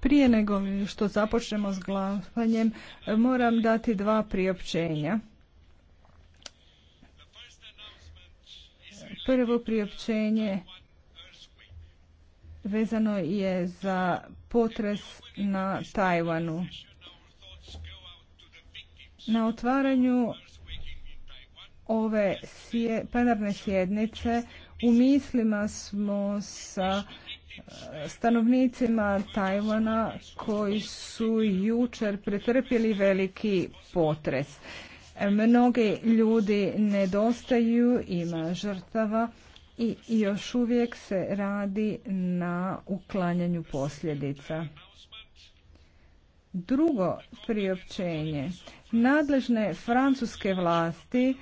Prije nego što započnemo s glasanjem, moram dati dva priopćenja. Prvo priopćenje vezano je za potres na Tajvanu. Na otvaranju ove plenarne sjednice u mislima smo sa stanovnicima Tajvana koji su jučer pretrpjeli veliki potres. Mnogi ljudi nedostaju, ima žrtava i još uvijek se radi na uklanjanju posljedica. Drugo priopćenje. Nadležne francuske vlasti